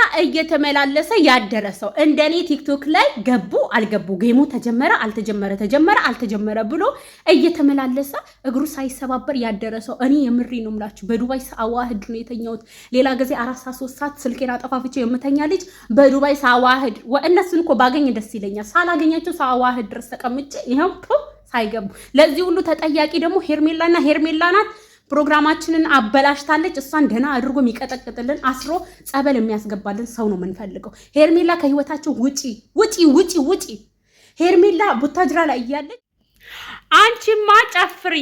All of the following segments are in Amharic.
ቦታ እየተመላለሰ ያደረ ሰው እንደኔ ቲክቶክ ላይ ገቡ አልገቡ፣ ጌሙ ተጀመረ አልተጀመረ፣ ተጀመረ አልተጀመረ ብሎ እየተመላለሰ እግሩ ሳይሰባበር ያደረ ሰው እኔ የምሬ ነው ምላችሁ። በዱባይ ሳዋህድ ነው የተኛሁት። ሌላ ጊዜ አራት ሰዓት ሶስት ሰዓት ስልኬን አጠፋፍቼ የምተኛ ልጅ በዱባይ ሳዋህድ፣ እነሱን እኮ ባገኝ ደስ ይለኛል። ሳላገኛቸው ሳዋህድ ድረስ ተቀምጬ ይኸው ሳይገቡ። ለዚህ ሁሉ ተጠያቂ ደግሞ ሄርሜላና ሄርሜላ ናት። ፕሮግራማችንን አበላሽታለች። እሷን ደህና አድርጎ የሚቀጠቅጥልን አስሮ ጸበል የሚያስገባልን ሰው ነው የምንፈልገው። ሄርሜላ ከህይወታችን ውጪ ውጪ ውጪ ውጪ። ሄርሜላ ቡታጅራ ላይ እያለች አንቺማ ጨፍሪ።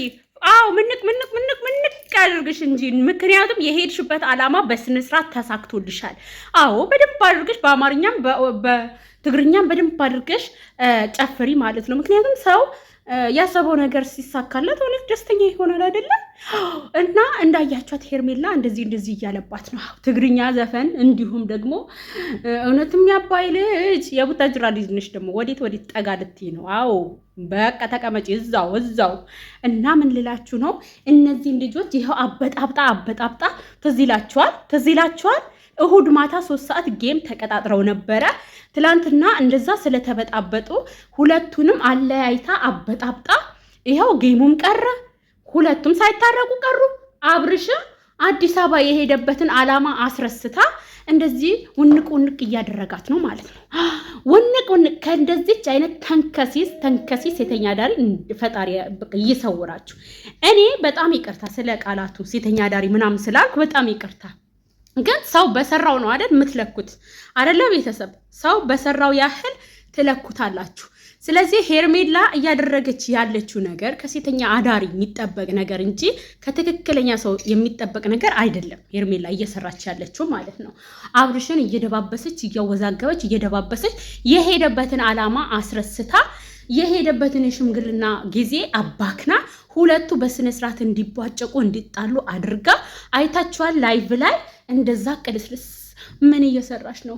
አዎ ምንቅ ምንቅ ምንቅ ምንቅ አድርግሽ እንጂ ምክንያቱም የሄድሽበት ዓላማ በስነስርዓት ተሳክቶልሻል። አዎ በደንብ አድርግሽ በአማርኛም በትግርኛም በደንብ አድርገሽ ጨፍሪ ማለት ነው። ምክንያቱም ሰው ያሰበው ነገር ሲሳካለት እውነት ደስተኛ ይሆናል አይደለም። እና እንዳያቸት ሄርሜላ እንደዚህ እንደዚህ እያለባት ነው ትግርኛ ዘፈን፣ እንዲሁም ደግሞ እውነትም ያባይ ልጅ የቡታጅራ ልጅ ነሽ ደግሞ ወዴት ወዴት ጠጋ ልትይ ነው? አዎ በቃ ተቀመጪ እዛው እዛው። እና ምን ልላችሁ ነው እነዚህን ልጆች ይኸው አበጣብጣ አበጣብጣ ትዝ ይላችኋል፣ ትዝ ይላችኋል እሁድ ማታ ሶስት ሰዓት ጌም ተቀጣጥረው ነበረ። ትላንትና እንደዛ ስለተበጣበጡ ሁለቱንም አለያይታ አበጣብጣ ይኸው ጌሙም ቀረ፣ ሁለቱም ሳይታረቁ ቀሩ። አብርሽም አዲስ አበባ የሄደበትን ዓላማ አስረስታ እንደዚህ ውንቅ ውንቅ እያደረጋት ነው ማለት ነው። ውንቅ ውንቅ ከእንደዚች አይነት ተንከሲስ ተንከሲስ ሴተኛ ዳሪ ፈጣሪ ይሰውራችሁ። እኔ በጣም ይቅርታ ስለ ቃላቱ ሴተኛ ዳሪ ምናምን ስላልኩ በጣም ይቅርታ። ግን ሰው በሰራው ነው አይደል የምትለኩት፣ አይደለ ቤተሰብ? ሰው በሰራው ያህል ትለኩታላችሁ። ስለዚህ ሄርሜላ እያደረገች ያለችው ነገር ከሴተኛ አዳሪ የሚጠበቅ ነገር እንጂ ከትክክለኛ ሰው የሚጠበቅ ነገር አይደለም። ሄርሜላ እየሰራች ያለችው ማለት ነው። አብርሽን እየደባበሰች እያወዛገበች እየደባበሰች የሄደበትን ዓላማ አስረስታ የሄደበትን የሽምግልና ጊዜ አባክና ሁለቱ በስነስርዓት እንዲቧጨቁ እንዲጣሉ አድርጋ አይታችኋል ላይቭ ላይ እንደዛ ቅልስልስ ምን እየሰራሽ ነው?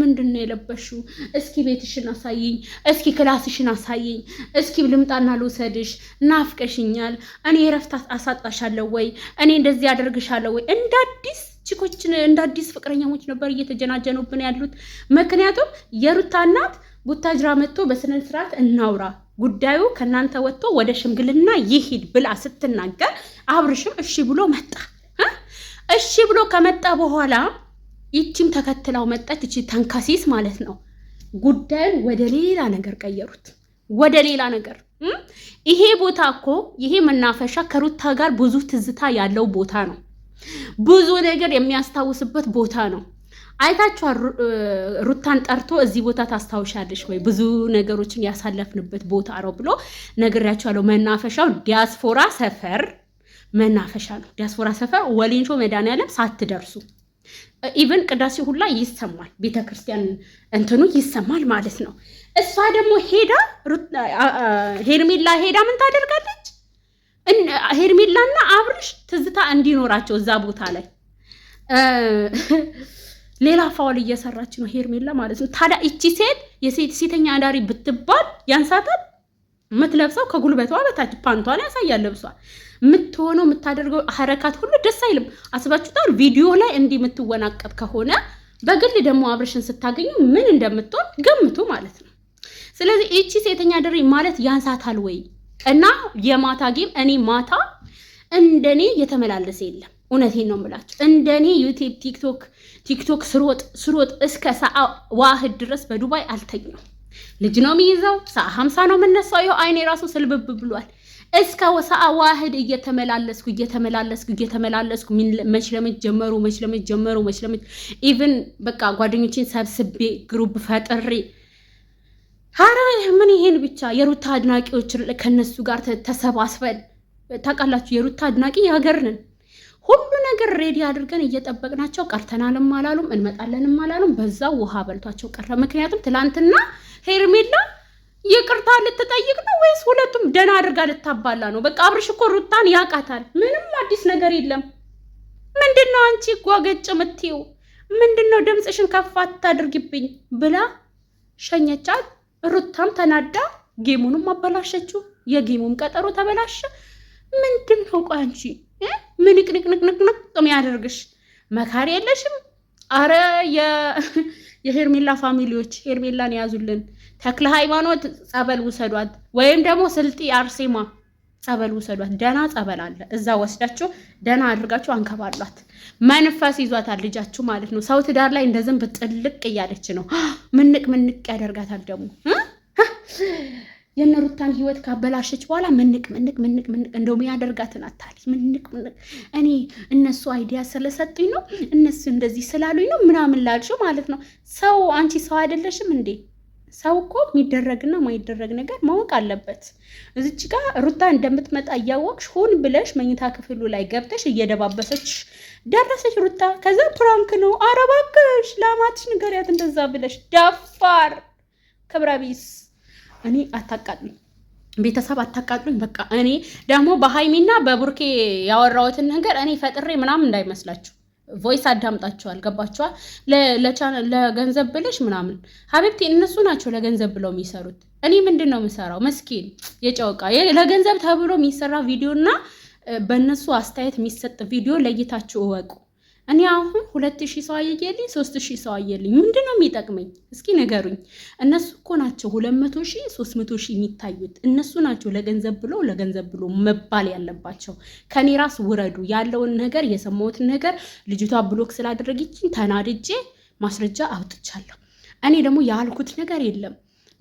ምንድን ነው የለበሽው? እስኪ ቤትሽን አሳይኝ፣ እስኪ ክላስሽን አሳይኝ፣ እስኪ ልምጣና ልውሰድሽ። ናፍቀሽኛል። እኔ እረፍት አሳጣሻለሁ ወይ? እኔ እንደዚህ ያደርግሻለሁ ወይ? እንደ አዲስ ቺኮችን እንደ አዲስ ፍቅረኛሞች ነበር እየተጀናጀኑብን ያሉት። ምክንያቱም የሩታ እናት ቡታጅራ መጥቶ በስነ ስርዓት እናውራ ጉዳዩ ከእናንተ ወጥቶ ወደ ሽምግልና ይሂድ ብላ ስትናገር አብርሽም እሺ ብሎ መጣ። እሺ ብሎ ከመጣ በኋላ ይቺም ተከትላው መጣች። ይቺ ተንከሲስ ማለት ነው። ጉዳዩን ወደ ሌላ ነገር ቀየሩት። ወደ ሌላ ነገር ይሄ ቦታ እኮ ይሄ መናፈሻ ከሩታ ጋር ብዙ ትዝታ ያለው ቦታ ነው። ብዙ ነገር የሚያስታውስበት ቦታ ነው። አይታችኋል። ሩታን ጠርቶ እዚህ ቦታ ታስታውሻለሽ ወይ ብዙ ነገሮችን ያሳለፍንበት ቦታ ነው ብሎ ነግሬያችኋለሁ። መናፈሻው ዲያስፖራ ሰፈር መናፈሻ ነው። ዲያስፖራ ሰፈር ወሊንሾ መድኃኒዓለም ሳትደርሱ ኢቨን ቅዳሴ ሁላ ይሰማል፣ ቤተክርስቲያን እንትኑ ይሰማል ማለት ነው። እሷ ደግሞ ሄዳ ሄርሜላ ሄዳ ምን ታደርጋለች? ሄርሜላና አብርሽ ትዝታ እንዲኖራቸው እዛ ቦታ ላይ ሌላ ፋውል እየሰራች ነው ሄርሜላ ማለት ነው። ታዲያ እቺ ሴት የሴት ሴተኛ አዳሪ ብትባል ያንሳታል። የምትለብሰው ከጉልበቷ በታች ፓንቷን ያሳያል ለብሷል የምትሆነው የምታደርገው ሀረካት ሁሉ ደስ አይልም። አስባችሁታል? ቪዲዮ ላይ እንዲህ የምትወናቀጥ ከሆነ በግል ደግሞ አብርሽን ስታገኙ ምን እንደምትሆን ገምቱ ማለት ነው። ስለዚህ ይቺ ሴተኛ ድሪ ማለት ያንሳታል ወይ እና የማታ ጌም እኔ ማታ እንደኔ የተመላለሰ የለም። እውነቴን ነው የምላችሁ። እንደኔ ዩቲብ ቲክቶክ ቲክቶክ ስሮጥ ስሮጥ እስከ ሰዓ ዋህድ ድረስ በዱባይ አልተኛም። ልጅ ነው የሚይዘው ሰዓ ሀምሳ ነው የምነሳው። ይኸው አይኔ ራሱ ስልብብ ብሏል። እስከ ዋህድ እየተመላለስኩ እየተመላለስኩ እየተመላለስኩ መች ጀመሩ መች ጀመሩ መች ኢቭን በቃ ጓደኞችን ሰብስቤ ግሩፕ ፈጥሬ ኧረ ምን ይሄን ብቻ የሩታ አድናቂዎች ከነሱ ጋር ተሰባስበን ታውቃላችሁ፣ የሩታ አድናቂ ሀገር ነን። ሁሉ ነገር ሬዲ አድርገን እየጠበቅናቸው ቀርተናልም አላሉም፣ እንመጣለንም አላሉም። በዛው ውሃ በልቷቸው ቀረ። ምክንያቱም ትላንትና ሄርሜላ ይቅርታ ልትጠይቅ ነው ወይስ ሁለቱም ደህና አድርጋ ልታባላ ነው? በቃ አብርሽ እኮ ሩታን ያውቃታል። ምንም አዲስ ነገር የለም። ምንድን ነው አንቺ ጓገጭ የምትይው? ምንድን ነው ድምፅሽን ከፍ አታድርጊብኝ ብላ ሸኘቻት። ሩታም ተናዳ ጌሙንም አበላሸችው። የጌሙም ቀጠሮ ተበላሸ። ምንድን ነው ቆይ አንቺ ምንቅንቅንቅንቅንቅ የሚያደርግሽ መካሪ የለሽም? አረ የሄርሜላ ፋሚሊዎች ሄርሜላን ያዙልን። ተክለ ሃይማኖት ጸበል ውሰዷት፣ ወይም ደግሞ ስልጢ አርሴማ ጸበል ውሰዷት። ደና ጸበል አለ እዛ ወስዳችሁ ደና አድርጋችሁ አንከባሏት። መንፈስ ይዟታል ልጃችሁ ማለት ነው። ሰው ትዳር ላይ እንደዝንብ ጥልቅ እያለች ነው። ምንቅ ምንቅ ያደርጋታል ደግሞ የነሩታን ህይወት ካበላሸች በኋላ ምንቅ ምንቅ ምንቅ ምንቅ እንደውም ያደርጋትን አታሊ ምንቅ ምንቅ እኔ እነሱ አይዲያ ስለሰጡኝ ነው እነሱ እንደዚህ ስላሉኝ ነው ምናምን ላልሽው ማለት ነው። ሰው አንቺ ሰው አይደለሽም እንዴ? ሰው እኮ የሚደረግና ማይደረግ ነገር ማወቅ አለበት። እዚች ጋ ሩታ እንደምትመጣ እያወቅሽ ሁን ብለሽ መኝታ ክፍሉ ላይ ገብተሽ እየደባበሰች ደረሰች ሩታ። ከዛ ፕራንክ ነው አረባክሽ ለአማትሽ ንገሪያት እንደዛ ብለሽ ደፋር ክብረ ቢስ እኔ አታቃጥሉኝ፣ ቤተሰብ አታቃጥሉኝ። በቃ እኔ ደግሞ በሀይሚና በቡርኬ ያወራሁትን ነገር እኔ ፈጥሬ ምናምን እንዳይመስላችሁ ቮይስ አዳምጣቸዋል። ገባቸዋል። ለገንዘብ ብለሽ ምናምን ሀቢብቲ፣ እነሱ ናቸው ለገንዘብ ብለው የሚሰሩት። እኔ ምንድን ነው የምሰራው? መስኪን የጨውቃ ለገንዘብ ተብሎ የሚሰራ ቪዲዮ እና በእነሱ አስተያየት የሚሰጥ ቪዲዮ ለይታችሁ እወቁ። እኔ አሁን ሁለት ሺህ ሰው አየልኝ፣ ሶስት ሺህ ሰው አየልኝ። ምንድን ነው የሚጠቅመኝ? እስኪ ንገሩኝ። እነሱ እኮ ናቸው ሁለት መቶ ሺህ ሶስት መቶ ሺህ የሚታዩት እነሱ ናቸው። ለገንዘብ ብሎ ለገንዘብ ብሎ መባል ያለባቸው ከኔ ራስ ውረዱ። ያለውን ነገር የሰማሁትን ነገር ልጅቷ ብሎክ ስላደረገችኝ ተናድጄ ማስረጃ አውጥቻለሁ። እኔ ደግሞ ያልኩት ነገር የለም።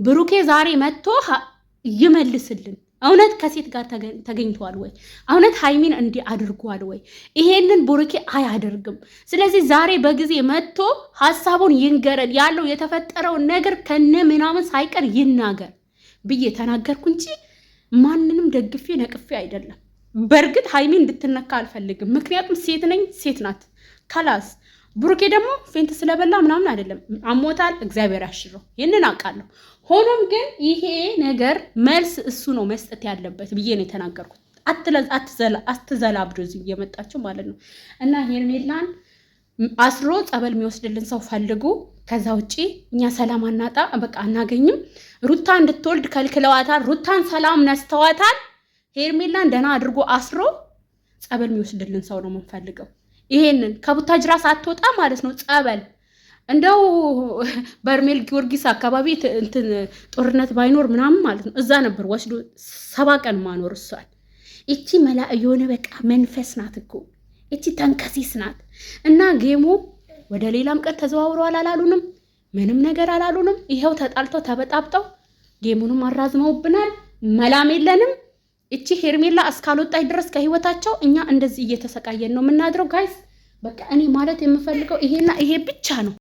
ብሩኬ ዛሬ መጥቶ ይመልስልን። እውነት ከሴት ጋር ተገኝተዋል ወይ? እውነት ሀይሚን እንዲህ አድርጓል ወይ? ይሄንን ቡርኬ አያደርግም። ስለዚህ ዛሬ በጊዜ መጥቶ ሀሳቡን ይንገረን፣ ያለው የተፈጠረውን ነገር ከነ ምናምን ሳይቀር ይናገር ብዬ ተናገርኩ እንጂ ማንንም ደግፌ ነቅፌ አይደለም። በእርግጥ ሀይሚን እንድትነካ አልፈልግም። ምክንያቱም ሴት ነኝ፣ ሴት ናት። ከላስ ብሩኬ ደግሞ ፌንት ስለበላ ምናምን አይደለም፣ አሞታል። እግዚአብሔር ያሽረው፣ ይህንን አውቃለሁ። ሆኖም ግን ይሄ ነገር መልስ እሱ ነው መስጠት ያለበት ብዬ ነው የተናገርኩት። አትዘላብዶ እዚህ እየመጣችሁ ማለት ነው። እና ሄርሜላን አስሮ ጸበል የሚወስድልን ሰው ፈልጉ። ከዛ ውጭ እኛ ሰላም አናጣ፣ በቃ አናገኝም። ሩታ እንድትወልድ ከልክለዋታል። ሩታን ሰላም ነስተዋታል። ሄርሜላን ደህና አድርጎ አስሮ ጸበል የሚወስድልን ሰው ነው የምንፈልገው። ይሄንን ከቡታጅራ ሳትወጣ ማለት ነው ጸበል እንደው በርሜል ጊዮርጊስ አካባቢ እንትን ጦርነት ባይኖር ምናምን ማለት ነው እዛ ነበር ወስዶ ሰባ ቀን ማኖር እሷል። እቺ መላ የሆነ በቃ መንፈስ ናት እኮ እቺ ተንከሲስ ናት። እና ጌሙ ወደ ሌላም ቀን ተዘዋውረዋል አላሉንም፣ ምንም ነገር አላሉንም። ይኸው ተጣልተው ተበጣብጠው ጌሙንም አራዝመውብናል። መላም የለንም። እቺ ሄርሜላ እስካልወጣች ድረስ ከህይወታቸው እኛ እንደዚህ እየተሰቃየን ነው የምናድረው። ጋይስ በቃ እኔ ማለት የምፈልገው ይሄና ይሄ ብቻ ነው።